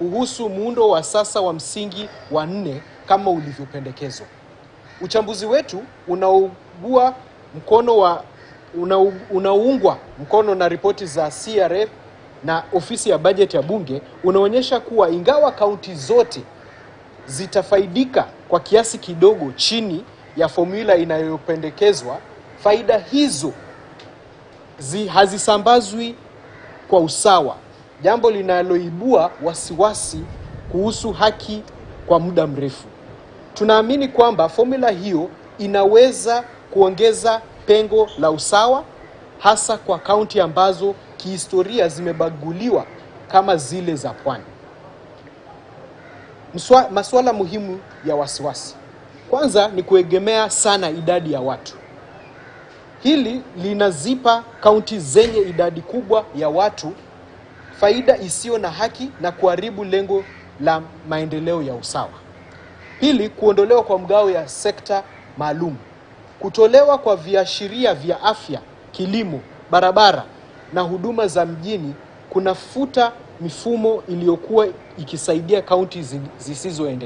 kuhusu muundo wa sasa wa msingi wa nne kama ulivyopendekezwa. Uchambuzi wetu unaugua mkono wa una, unaungwa mkono na ripoti za CRF na ofisi ya bajeti ya Bunge unaonyesha kuwa ingawa kaunti zote zitafaidika kwa kiasi kidogo chini ya fomula inayopendekezwa, faida hizo zi hazisambazwi kwa usawa jambo linaloibua wasiwasi kuhusu haki kwa muda mrefu. Tunaamini kwamba fomula hiyo inaweza kuongeza pengo la usawa hasa kwa kaunti ambazo kihistoria zimebaguliwa kama zile za Pwani. Masuala muhimu ya wasiwasi, kwanza ni kuegemea sana idadi ya watu. Hili linazipa kaunti zenye idadi kubwa ya watu faida isiyo na haki na kuharibu lengo la maendeleo ya usawa. Pili, kuondolewa kwa mgao ya sekta maalum, kutolewa kwa viashiria vya afya, kilimo, barabara na huduma za mjini kunafuta mifumo iliyokuwa ikisaidia kaunti zisizoendelea.